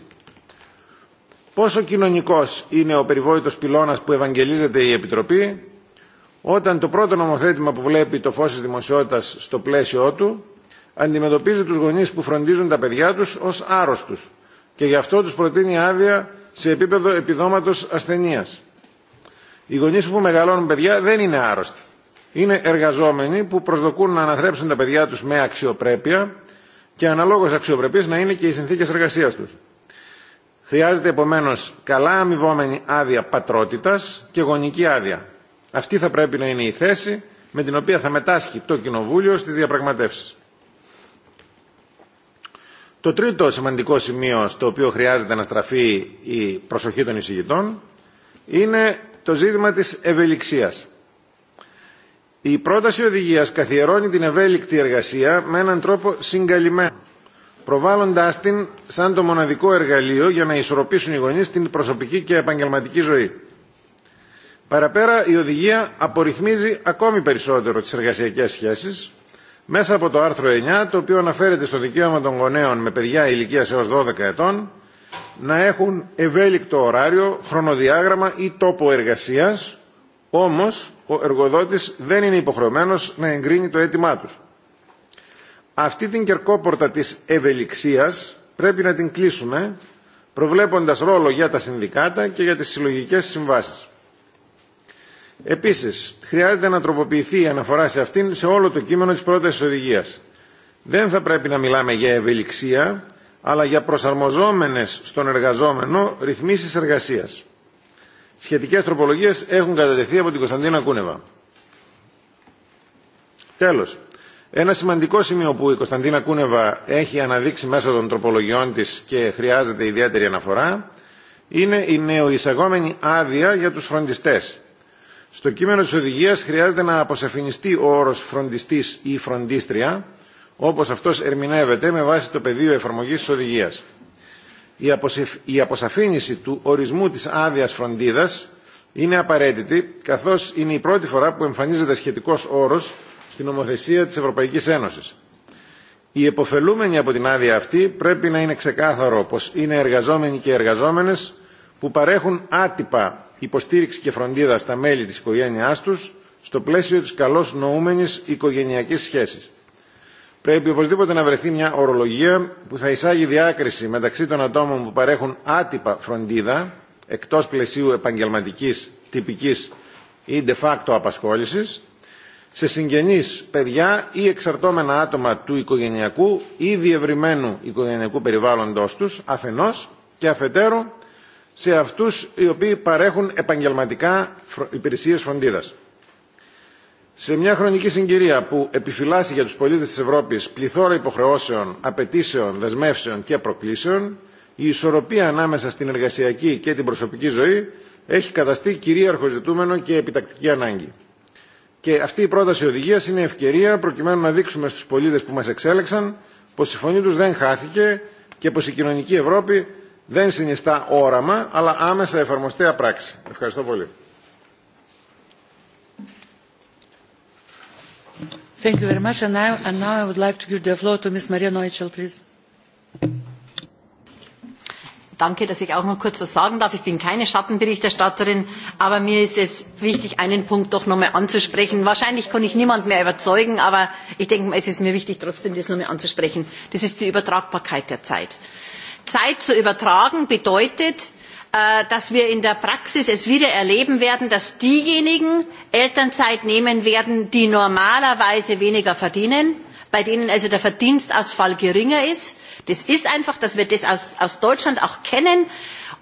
πόσο κοινωνικός είναι ο περιβόητος πυλώνας που ευαγγελίζεται η Επιτροπή όταν το πρώτο νομοθέτημα που βλέπει το φως της δημοσιότητας στο πλαίσιο του αντιμετωπίζει τους γονείς που φροντίζουν τα παιδιά τους ως άρρωστους και γι' αυτό τους προτείνει άδεια σε επίπεδο επιδόματος ασθενείας. Οι γονείς που μεγαλώνουν παιδιά δεν είναι άρρωστοι. Είναι εργαζόμενοι που προσδοκούν να αναθρέψουν τα παιδιά τους με αξιοπρέπεια και αναλόγως αξιοπρεπής να είναι και οι συνθήκες εργασίας τους. Χρειάζεται επομένω καλά αμοιβόμενη άδεια πατρότητα και γονική άδεια. Αυτή θα πρέπει να είναι η θέση με την οποία θα μετάσχει το Κοινοβούλιο στις διαπραγματεύσεις. Το τρίτο σημαντικό σημείο στο οποίο χρειάζεται να στραφεί η προσοχή των εισηγητών είναι το ζήτημα της ευελιξίας. Η πρόταση οδηγίας καθιερώνει την ευέλικτη εργασία με έναν τρόπο συγκαλυμμένο προβάλλοντα την σαν το μοναδικό εργαλείο για να ισορροπήσουν οι γονεί την προσωπική και επαγγελματική ζωή. Παραπέρα, η οδηγία απορριθμίζει ακόμη περισσότερο τι εργασιακέ σχέσει μέσα από το άρθρο 9, το οποίο αναφέρεται στο δικαίωμα των γονέων με παιδιά ηλικία έω 12 ετών να έχουν ευέλικτο ωράριο, χρονοδιάγραμμα ή τόπο εργασία, όμω ο εργοδότη δεν είναι υποχρεωμένο να εγκρίνει το αίτημά του. Αυτή την κερκόπορτα της ευελιξίας πρέπει να την κλείσουμε προβλέποντας ρόλο για τα συνδικάτα και για τις συλλογικές συμβάσεις. Επίσης, χρειάζεται να τροποποιηθεί η αναφορά σε αυτήν σε όλο το κείμενο της πρότασης οδηγίας. Δεν θα πρέπει να μιλάμε για ευελιξία, αλλά για προσαρμοζόμενες στον εργαζόμενο ρυθμίσεις εργασίας. Σχετικές τροπολογίες έχουν κατατεθεί από την Κωνσταντίνα Κούνεβα. Τέλος, Ένα σημαντικό σημείο που η Κωνσταντίνα Κούνεβα έχει αναδείξει μέσω των τροπολογιών της και χρειάζεται ιδιαίτερη αναφορά είναι η νεοεισαγόμενη άδεια για τους φροντιστές. Στο κείμενο της οδηγίας χρειάζεται να αποσαφινιστεί ο όρος φροντιστής ή φροντίστρια, όπως αυτός ερμηνεύεται με βάση το πεδίο εφαρμογής της οδηγίας. Η αποσαφήνιση του ορισμού της άδεια φροντίδας είναι απαραίτητη, καθώς είναι η πρώτη φορά που εμφανίζεται σχετικός όρος στην νομοθεσία της Ευρωπαϊκής Ένωσης. Οι εποφελούμενοι από την άδεια αυτή πρέπει να είναι ξεκάθαρο πως είναι εργαζόμενοι και εργαζόμενες που παρέχουν άτυπα υποστήριξη και φροντίδα στα μέλη της οικογένειάς τους στο πλαίσιο της καλώς νοούμενης οικογενειακής σχέσης. Πρέπει οπωσδήποτε να βρεθεί μια ορολογία που θα εισάγει διάκριση μεταξύ των ατόμων που παρέχουν άτυπα φροντίδα εκτός πλαισίου επαγγελματικής, τυπικής ή de facto απασχόλησης σε συγγενείς, παιδιά ή εξαρτώμενα άτομα του οικογενειακού ή διευρυμένου οικογενειακού περιβάλλοντος τους αφενός και αφετέρου σε αυτούς οι οποίοι παρέχουν επαγγελματικά υπηρεσίες φροντίδας. Σε μια χρονική συγκυρία που επιφυλάσσει για τους πολίτες της Ευρώπης πληθώρα υποχρεώσεων, απαιτήσεων, δεσμεύσεων και προκλήσεων, η ισορροπία ανάμεσα στην εργασιακή και την προσωπική ζωή έχει καταστεί κυρίαρχο ζητούμενο και επιτακτική ανάγκη. Και αυτή η πρόταση οδηγίας είναι ευκαιρία προκειμένου να δείξουμε στους πολίτες που μας εξέλεξαν πως η φωνή τους δεν χάθηκε και πως η κοινωνική Ευρώπη δεν συνιστά όραμα αλλά άμεσα εφαρμοστέα πράξη. Ευχαριστώ πολύ. Thank you very much. And now, and now I would like to give the floor to Ms. Maria Neuchel, please. Danke, dass ich auch noch kurz was sagen darf. Ich bin keine Schattenberichterstatterin, aber mir ist es wichtig, einen Punkt doch nochmal anzusprechen. Wahrscheinlich kann ich niemand mehr überzeugen, aber ich denke, es ist mir wichtig, trotzdem das nochmal anzusprechen. Das ist die Übertragbarkeit der Zeit. Zeit zu übertragen bedeutet, äh, dass wir in der Praxis es wieder erleben werden, dass diejenigen Elternzeit nehmen werden, die normalerweise weniger verdienen, bei denen also der Verdienstausfall geringer ist. Das ist einfach, dass wir das aus, aus Deutschland auch kennen.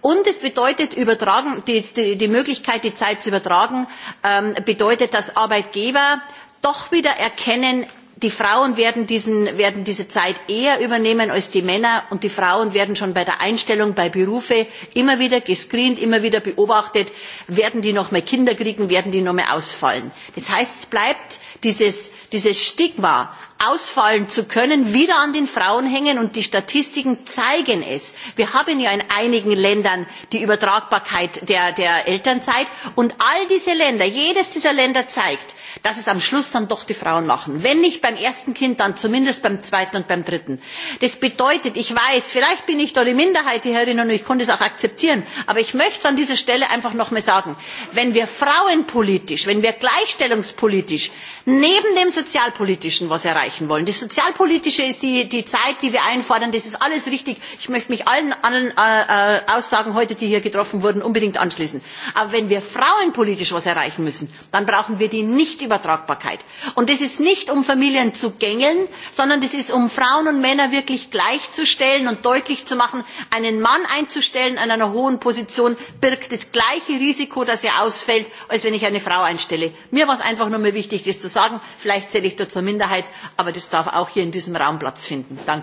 Und es bedeutet übertragen, die, die, die Möglichkeit, die Zeit zu übertragen, ähm, bedeutet, dass Arbeitgeber doch wieder erkennen, die Frauen werden, diesen, werden diese Zeit eher übernehmen als die Männer und die Frauen werden schon bei der Einstellung bei Berufe immer wieder gescreent, immer wieder beobachtet, werden die noch mehr Kinder kriegen, werden die noch mehr ausfallen. Das heißt, es bleibt dieses, dieses Stigma ausfallen zu können, wieder an den Frauen hängen. Und die Statistiken zeigen es. Wir haben ja in einigen Ländern die Übertragbarkeit der, der Elternzeit. Und all diese Länder, jedes dieser Länder zeigt, dass es am Schluss dann doch die Frauen machen. Wenn nicht beim ersten Kind, dann zumindest beim zweiten und beim dritten. Das bedeutet, ich weiß, vielleicht bin ich da die Minderheit, die Herrinnen, und ich konnte es auch akzeptieren. Aber ich möchte es an dieser Stelle einfach noch mal sagen. Wenn wir frauenpolitisch, wenn wir gleichstellungspolitisch, neben dem sozialpolitischen was erreichen, erreichen wollen. Die Sozialpolitische ist die, die Zeit, die wir einfordern. Das ist alles richtig. Ich möchte mich allen anderen äh, äh, Aussagen heute, die hier getroffen wurden, unbedingt anschließen. Aber wenn wir frauenpolitisch etwas erreichen müssen, dann brauchen wir die Nichtübertragbarkeit. Und das ist nicht, um Familien zu gängeln, sondern das ist, um Frauen und Männer wirklich gleichzustellen und deutlich zu machen, einen Mann einzustellen an einer hohen Position birgt das gleiche Risiko, dass er ausfällt, als wenn ich eine Frau einstelle. Mir war es einfach nur mehr wichtig, das zu sagen. Vielleicht zähle ich da zur Minderheit, aber das darf auch hier in diesem raum platz finden. Thank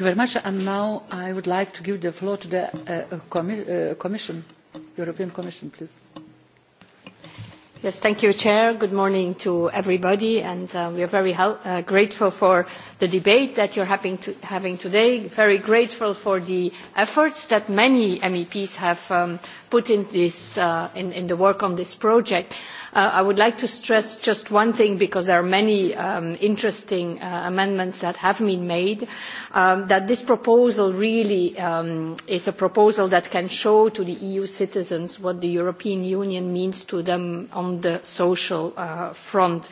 you very much. And now I would like to give the floor to the uh, uh commi uh, Commission, European Commission, please. Yes, thank you, Chair. Good morning to everybody, and uh, we are very uh, grateful for the debate that you're having, to, having today. Very grateful for the efforts that many MEPs have um, put in, this, uh, in, in, the work on this project. Uh, I would like to stress just one thing because there are many um, interesting uh, amendments that have been made, um, that this proposal really um, is a proposal that can show to the EU citizens what the European Union means to them on the social uh, front.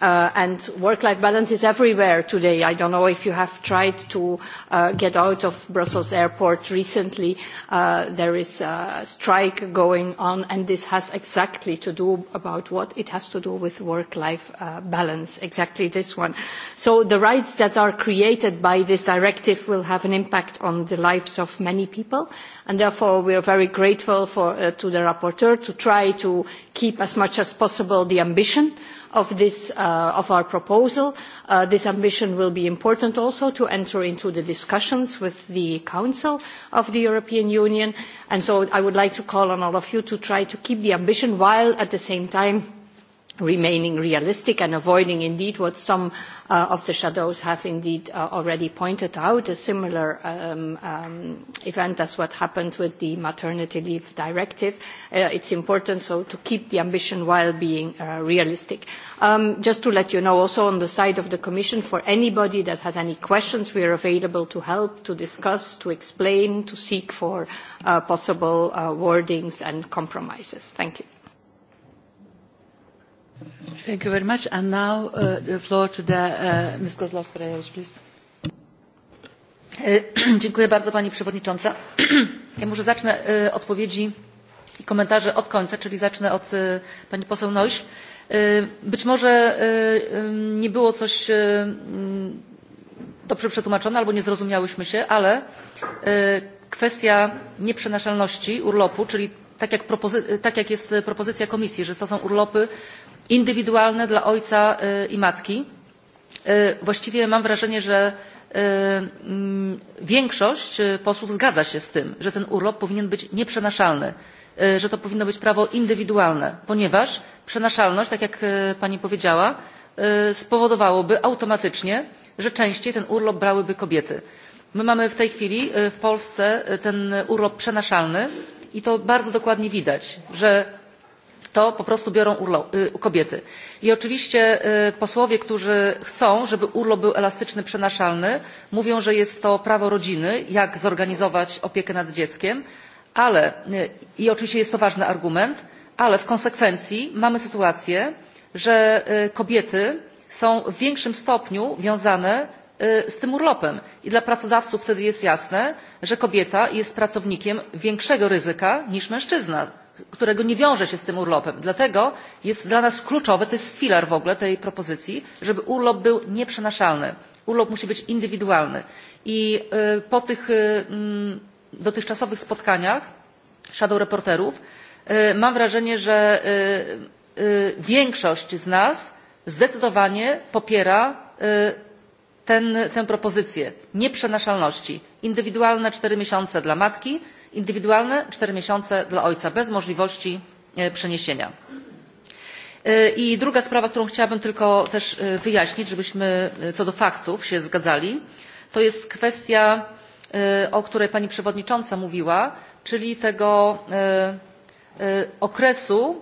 Uh, and work-life balance is everywhere today. I don't know if you have tried to uh, get out of Brussels airport recently. Uh, there is a strike going on, and this has exactly to do about what it has to do with work-life uh, balance, exactly this one. So the rights that are created by this directive will have an impact on the lives of many people, and therefore we are very grateful for, uh, to the rapporteur to try to keep as much as possible the ambition of, this, uh, of our proposal. Uh, this ambition will be important also to enter into the discussions with the Council of the European Union. And so I would like to call on all of you to try to keep the ambition while at the same time remaining realistic and avoiding indeed what some uh, of the shadows have indeed uh, already pointed out, a similar um, um, event as what happened with the maternity leave directive. Uh, it's important so to keep the ambition while being uh, realistic. Um, just to let you know also on the side of the Commission, for anybody that has any questions, we are available to help, to discuss, to explain, to seek for uh, possible uh, wordings and compromises. Thank you. Thank you very much. And now uh, the floor to the, uh, Ms. Kozlowska-Rajewicz, please. Dziękuję bardzo Pani Przewodnicząca. Ja może zacznę odpowiedzi i komentarze od końca, czyli zacznę od Pani poseł Noś. Być może nie było coś dobrze przetłumaczone albo nie zrozumiałyśmy się, ale kwestia nieprzenaszalności urlopu, czyli tak jak, tak jak jest propozycja Komisji, że to są urlopy, indywidualne dla ojca i matki. Właściwie mam wrażenie, że mm, większość posłów zgadza się z tym, że ten urlop powinien być nieprzenaszalny, że to powinno być prawo indywidualne, ponieważ przenaszalność, tak jak pani powiedziała, spowodowałoby automatycznie, że częściej ten urlop brałyby kobiety. My mamy w tej chwili w Polsce ten urlop przenaszalny i to bardzo dokładnie widać, że to po prostu biorą urlop kobiety. i oczywiście posłowie którzy chcą żeby urlop był elastyczny przenaszalny mówią że jest to prawo rodziny jak zorganizować opiekę nad dzieckiem ale i oczywiście jest to ważny argument ale w konsekwencji mamy sytuację że kobiety są w większym stopniu wiązane z tym urlopem i dla pracodawców wtedy jest jasne że kobieta jest pracownikiem większego ryzyka niż mężczyzna którego nie wiąże się z tym urlopem. Dlatego jest dla nas kluczowe, to jest filar w ogóle tej propozycji, żeby urlop był nieprzenaszalny. Urlop musi być indywidualny. I po tych mm, dotychczasowych spotkaniach shadow reporterów mam wrażenie, że większość z nas zdecydowanie popiera ten, tę propozycję nieprzenaszalności. Indywidualne cztery miesiące dla matki, indywidualne cztery miesiące dla ojca bez możliwości przeniesienia. I druga sprawa, którą chciałabym tylko też wyjaśnić, żebyśmy co do faktów się zgadzali, to jest kwestia, o której pani przewodnicząca mówiła, czyli tego okresu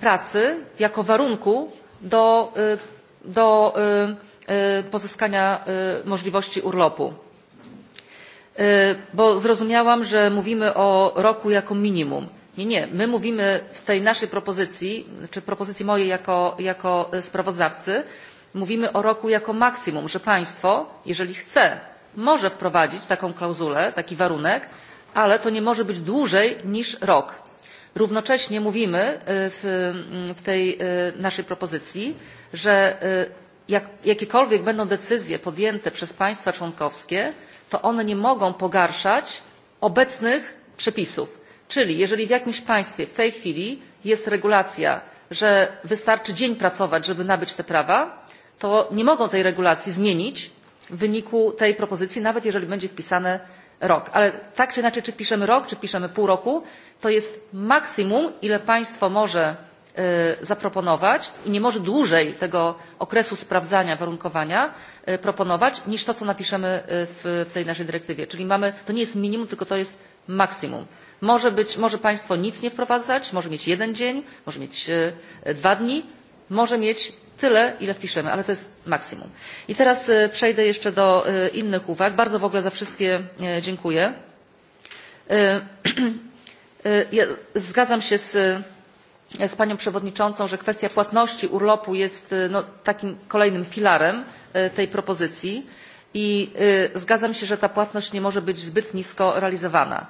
pracy jako warunku do, pozyskania możliwości urlopu bo zrozumiałam że mówimy o roku jako minimum. nie nie my mówimy w tej naszej propozycji czy propozycji mojej jako, sprawozdawcy mówimy o roku jako maksimum że państwo jeżeli chce może wprowadzić taką klauzulę taki warunek ale to nie może być dłużej niż rok. równocześnie mówimy w, mm, w tej naszej propozycji że jak, jakiekolwiek będą decyzje podjęte przez państwa członkowskie to one nie mogą pogarszać obecnych przepisów czyli jeżeli w jakimś państwie w tej chwili jest regulacja że wystarczy dzień pracować żeby nabyć te prawa to nie mogą tej regulacji zmienić w wyniku tej propozycji nawet jeżeli będzie wpisany rok ale tak czy inaczej czy wpiszemy rok czy wpiszemy pół roku to jest maksimum ile państwo może zaproponować i nie może dłużej tego okresu sprawdzania warunkowania proponować niż to co napiszemy w, tej naszej dyrektywie czyli mamy to nie jest minimum tylko to jest maksimum może być może państwo nic nie wprowadzać może mieć jeden dzień może mieć dwa dni może mieć tyle ile wpiszemy ale to jest maksimum. i teraz przejdę jeszcze do innych uwag bardzo w ogóle za wszystkie dziękuję. Ja zgadzam się z z panią przewodniczącą że kwestia płatności urlopu jest takim kolejnym filarem tej propozycji i zgadzam się że ta płatność nie może być zbyt nisko realizowana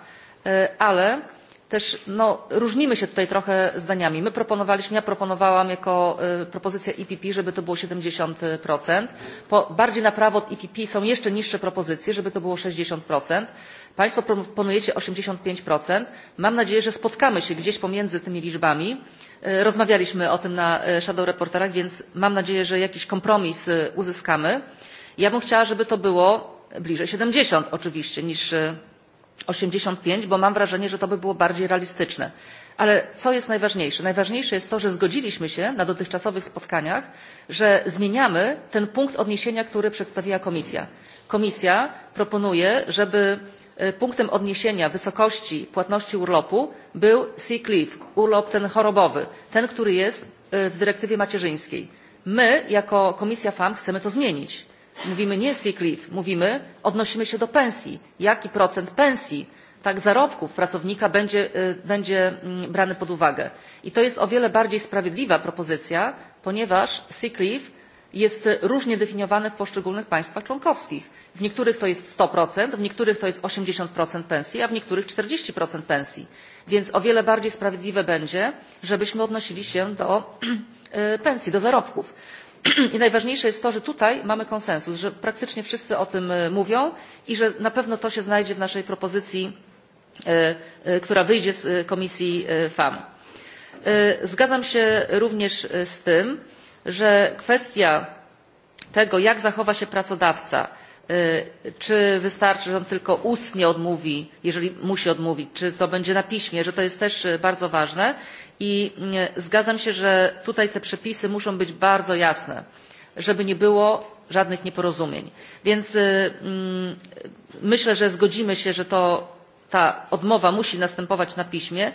ale też no, różnimy się tutaj trochę zdaniami. My proponowaliśmy, ja proponowałam jako y, propozycja EPP, żeby to było 70%. Po, bardziej na prawo od EPP są jeszcze niższe propozycje, żeby to było 60%. Państwo proponujecie osiemdziesiąt pięć Mam nadzieję, że spotkamy się gdzieś pomiędzy tymi liczbami. Rozmawialiśmy o tym na shadow reporterach, więc mam nadzieję, że jakiś kompromis uzyskamy. Ja bym chciała, żeby to było bliżej siedemdziesiąt oczywiście niż osiemdziesiąt pięć bo mam wrażenie, że to by było bardziej realistyczne. Ale co jest najważniejsze? Najważniejsze jest to, że zgodziliśmy się na dotychczasowych spotkaniach, że zmieniamy ten punkt odniesienia, który przedstawiła Komisja. Komisja proponuje, żeby punktem odniesienia wysokości płatności urlopu był sick leave urlop ten chorobowy ten który jest w dyrektywie macierzyńskiej. my jako komisja femm chcemy to zmienić mówimy nie sick leave mówimy odnosimy się do pensji jaki procent pensji tak zarobków pracownika będzie, będzie mm, brany pod uwagę i to jest o wiele bardziej sprawiedliwa propozycja ponieważ sick leave jest różnie definiowane w poszczególnych państwach członkowskich. w niektórych to jest sto w niektórych to jest osiemdziesiąt pensji a w niektórych czterdzieści pensji więc o wiele bardziej sprawiedliwe będzie żebyśmy odnosili się do pensji do zarobków. i najważniejsze jest to że tutaj mamy konsensus że praktycznie wszyscy o tym mówią i że na pewno to się znajdzie w naszej propozycji która wyjdzie z komisji femm. zgadzam się również z tym że kwestia tego jak zachowa się pracodawca czy wystarczy że on tylko ustnie odmówi jeżeli musi odmówić czy to będzie na piśmie że to jest też bardzo ważne i zgadzam się że tutaj te przepisy muszą być bardzo jasne żeby nie było żadnych nieporozumień więc mm, myślę że zgodzimy się że to ta odmowa musi następować na piśmie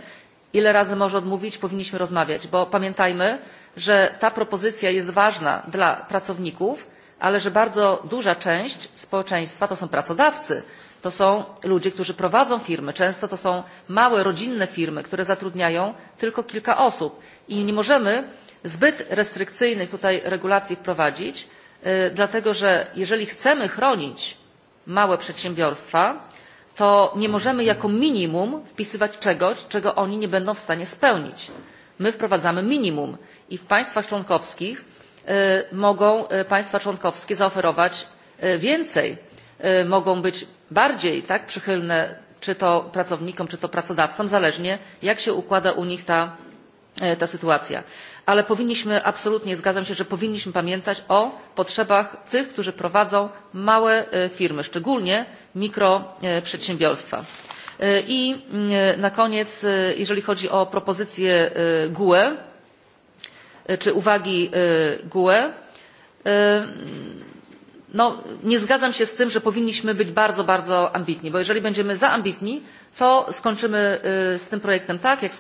ile razy może odmówić powinniśmy rozmawiać bo pamiętajmy że ta propozycja jest ważna dla pracowników ale że bardzo duża część społeczeństwa to są pracodawcy to są ludzie którzy prowadzą firmy często to są małe rodzinne firmy które zatrudniają tylko kilka osób i nie możemy zbyt restrykcyjnych tutaj regulacji wprowadzić dlatego że jeżeli chcemy chronić małe przedsiębiorstwa to nie możemy jako minimum wpisywać czegoś czego oni nie będą w stanie spełnić. my wprowadzamy minimum i w państwach członkowskich mogą państwa członkowskie zaoferować więcej mogą być bardziej przychylne czy to pracownikom czy to pracodawcom zależnie jak się układa u nich ta ta sytuacja ale powinniśmy absolutnie zgadzam się że powinniśmy pamiętać o potrzebach tych którzy prowadzą małe firmy szczególnie mikroprzedsiębiorstwa. i na koniec jeżeli chodzi o propozycję gue czy uwagi gue no, nie zgadzam się z tym że powinniśmy być bardzo bardzo ambitni bo jeżeli będziemy za ambitni to skończymy z tym projektem tak, jak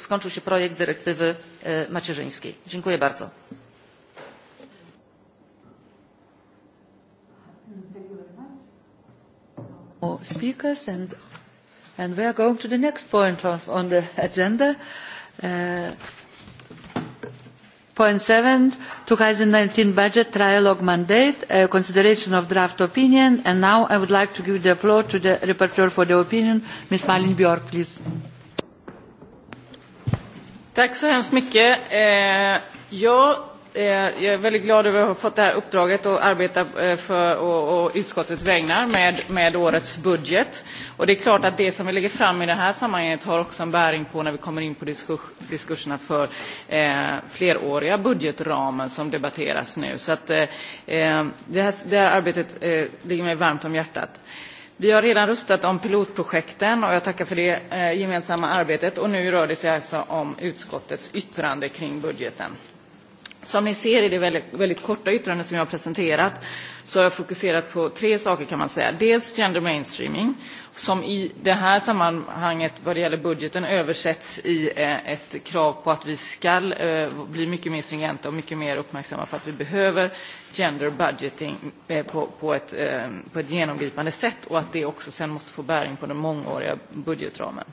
skończył się projekt dyrektywy macierzyńskiej. Dziękuję bardzo. speakers and, and we are going to the next point of, on the agenda. Uh, Point seven, 2019 budget trialogue mandate, uh, consideration of draft opinion, and now I would like to give the floor to the rapporteur for the opinion, Ms. Malin Björk, please. Tack så hemskt mycket. Eh, ja, Jag är väldigt glad över att ha fått det här uppdraget att arbeta eh, för och, och utskottets vägnar med, med årets budget. Och det är klart att det som vi lägger fram i det här sammanhanget har också en bäring på när vi kommer in på diskurs, diskurserna för eh, fleråriga budgetramen som debatteras nu. Så att, eh, eh, det, här, det här arbetet eh, ligger mig varmt om hjärtat. Vi har redan rustat om pilotprojekten och jag tackar för det eh, gemensamma arbetet och nu rör det sig alltså om utskottets yttrande kring budgeten. Som ni ser i det väldigt, väldigt korta yttrande som jag har presenterat så har jag fokuserat på tre saker kan man säga. Dels gender mainstreaming, som i det här sammanhanget vad det gäller budgeten översätts i eh, ett krav på att vi ska eh, bli mycket mer stringenta och mycket mer uppmärksamma på att vi behöver gender budgeting eh, på, på, ett, på ett genomgripande sätt och att det också sen måste få bäring på den mångåriga budgetramen.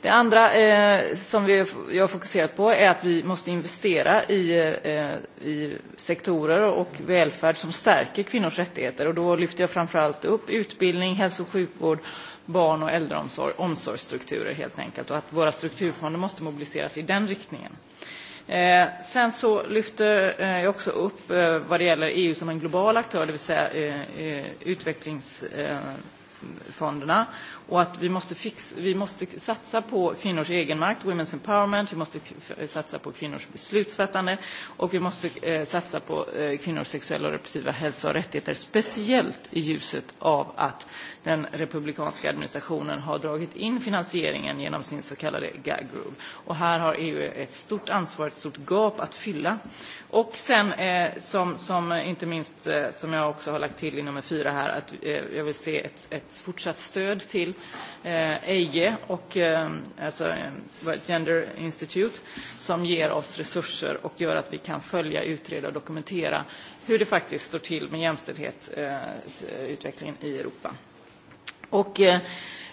Det andra eh, som vi, jag har fokuserat på är att vi måste investera i, eh, i sektorer och välfärd som stärker kvinnors rättigheter. Och då lyfter jag framförallt upp utbildning, hälso och sjukvård, barn och äldreomsorg, omsorgsstrukturer helt enkelt. Och att våra strukturfonder måste mobiliseras i den riktningen. Eh, sen så lyfter eh, jag också upp eh, vad det gäller EU som en global aktör, det vill säga eh, eh, utvecklingsfonderna. Eh, och att vi måste, fix, vi måste satsa på kvinnors egenmakt, women's empowerment, vi måste satsa på kvinnors beslutsfattande och vi måste eh, satsa på eh, kvinnors sexuella och repressiva hälsa och rättigheter, speciellt i ljuset av att den republikanska administrationen har dragit in finansieringen genom sin så kallade gag rule. Och här har EU ett stort ansvar, ett stort gap att fylla. Och sen, eh, som, som inte minst, eh, som jag också har lagt till i nummer fyra här, att eh, jag vill se ett, ett fortsatt stöd till EIG eh, och eh, alltså, eh, Gender Institute som ger oss resurser och gör att vi kan följa, utreda och dokumentera hur det faktiskt står till med jämställdhetsutvecklingen eh, i Europa. Och,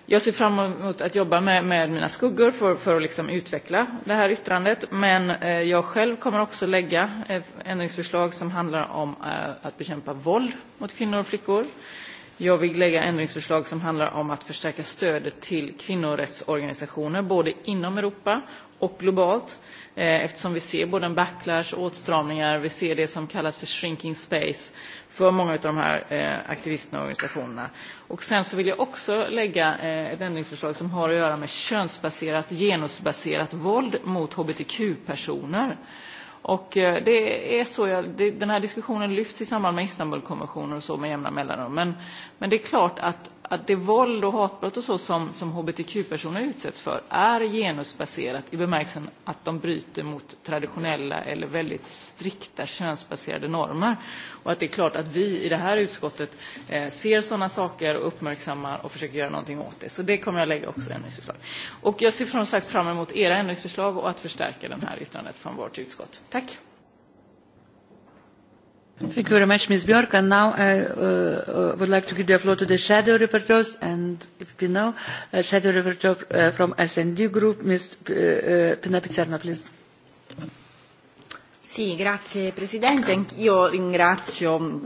jag ser fram emot att jobba med, med mina skuggor för, för att liksom utveckla det här yttrandet. Men eh, jag själv kommer också lägga ett ändringsförslag som handlar om eh, att bekämpa våld mot kvinnor och flickor. Eh, Jag vill lägga ändringsförslag som handlar om att förstärka stödet till kvinnorättsorganisationer både inom Europa och globalt eh, eftersom vi ser både en backlash och åtstramningar. Vi ser det som kallas för shrinking space för många av de här eh, aktivisterna och organisationerna. Och sen så vill jag också lägga eh, ett ändringsförslag som har att göra med könsbaserat, genusbaserat våld mot hbtq-personer. Och eh, det är så jag, det, den här diskussionen lyfts i samband med Istanbulkonventionen och så med jämna mellanrum. Men, men det är klart att att det våld och hatbrott och så som, som hbtq-personer utsätts för är genusbaserat i bemärkelsen att de bryter mot traditionella eller väldigt strikta könsbaserade normer. Och att det är klart att vi i det här utskottet eh, ser sådana saker och uppmärksammar och försöker göra någonting åt det. Så det kommer jag lägga också i ändringsförslag. Och jag ser från sagt fram emot era ändringsförslag och att förstärka den här yttrandet från vårt utskott. Tack! Thank you very much, Ms. Bjork. And now I uh, uh, uh, would like to give the floor to the shadow reporters and you know, uh, shadow uh, from S&D Group, Ms. Uh, Pina Pizzerno, please. Sì, grazie Presidente. Io ringrazio mm,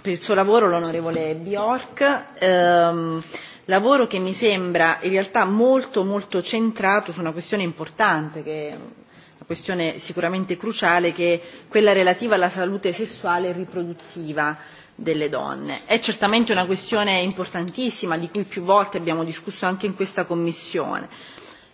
per il suo lavoro l'onorevole Bjork. Ehm, lavoro che mi sembra in realtà molto molto centrato su una questione importante che una questione sicuramente cruciale che è quella relativa alla salute sessuale e riproduttiva delle donne. È certamente una questione importantissima di cui più volte abbiamo discusso anche in questa Commissione.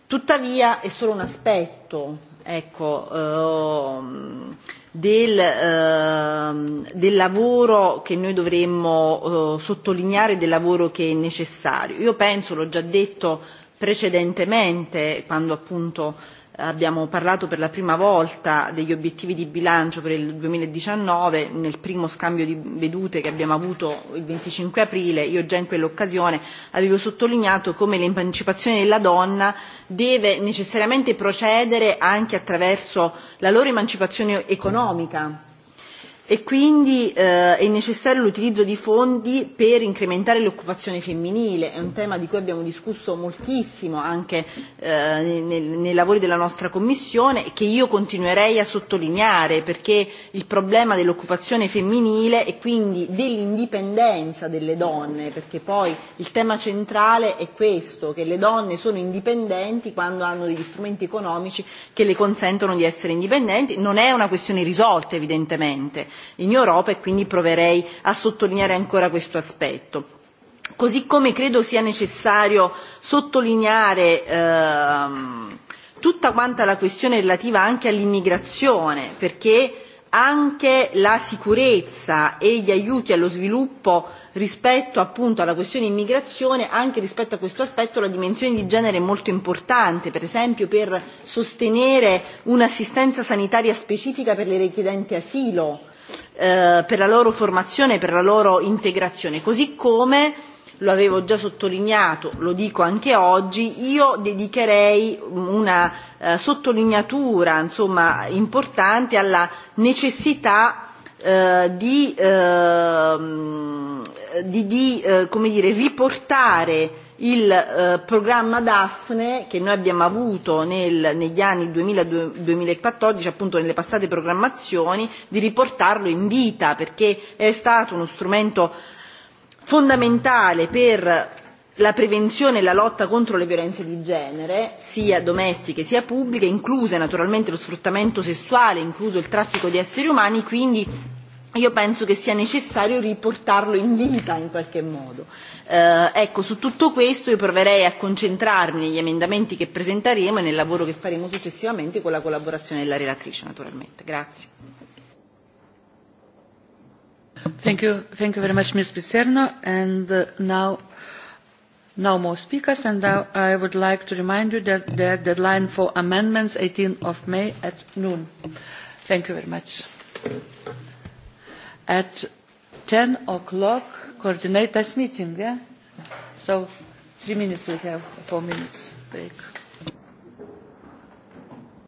Tuttavia è solo un aspetto ecco, ehm, del, ehm, del lavoro che noi dovremmo eh, sottolineare, del lavoro che è necessario. Io penso, l'ho già detto precedentemente, quando appunto abbiamo parlato per la prima volta degli obiettivi di bilancio per il 2019 nel primo scambio di vedute che abbiamo avuto il 25 aprile, io già in quell'occasione avevo sottolineato come l'emancipazione della donna deve necessariamente procedere anche attraverso la loro emancipazione economica e quindi eh, è necessario l'utilizzo di fondi per incrementare l'occupazione femminile, è un tema di cui abbiamo discusso moltissimo anche eh, nel, nei lavori della nostra Commissione e che io continuerei a sottolineare perché il problema dell'occupazione femminile e quindi dell'indipendenza delle donne, perché poi il tema centrale è questo, che le donne sono indipendenti quando hanno degli strumenti economici che le consentono di essere indipendenti, non è una questione risolta evidentemente in Europa e quindi proverei a sottolineare ancora questo aspetto. Così come credo sia necessario sottolineare ehm, tutta quanta la questione relativa anche all'immigrazione, perché anche la sicurezza e gli aiuti allo sviluppo rispetto appunto alla questione immigrazione, anche rispetto a questo aspetto la dimensione di genere è molto importante, per esempio per sostenere un'assistenza sanitaria specifica per le richiedenti asilo eh, per la loro formazione e per la loro integrazione, così come lo avevo già sottolineato, lo dico anche oggi, io dedicherei una eh, sottolineatura insomma, importante alla necessità eh, di, eh, di, di eh, come dire, riportare il eh, programma Daphne che noi abbiamo avuto nel, negli anni 2000-2014, appunto nelle passate programmazioni, di riportarlo in vita perché è stato uno strumento fondamentale per la prevenzione e la lotta contro le violenze di genere, sia domestiche sia pubbliche, incluse naturalmente lo sfruttamento sessuale, incluso il traffico di esseri umani, quindi io penso che sia necessario riportarlo in vita in qualche modo. Eh, ecco, su tutto questo io proverei a concentrarmi negli emendamenti che presenteremo e nel lavoro che faremo successivamente con la collaborazione della relatrice naturalmente. Grazie. Thank you, thank you very much, Ms. Picerno. And uh, now, now more speakers. And now I would like to remind you that the deadline for amendments 18 of May at noon. Thank you very much at 10 o'clock coordinators meeting, yeah? So three minutes we have, four minutes break.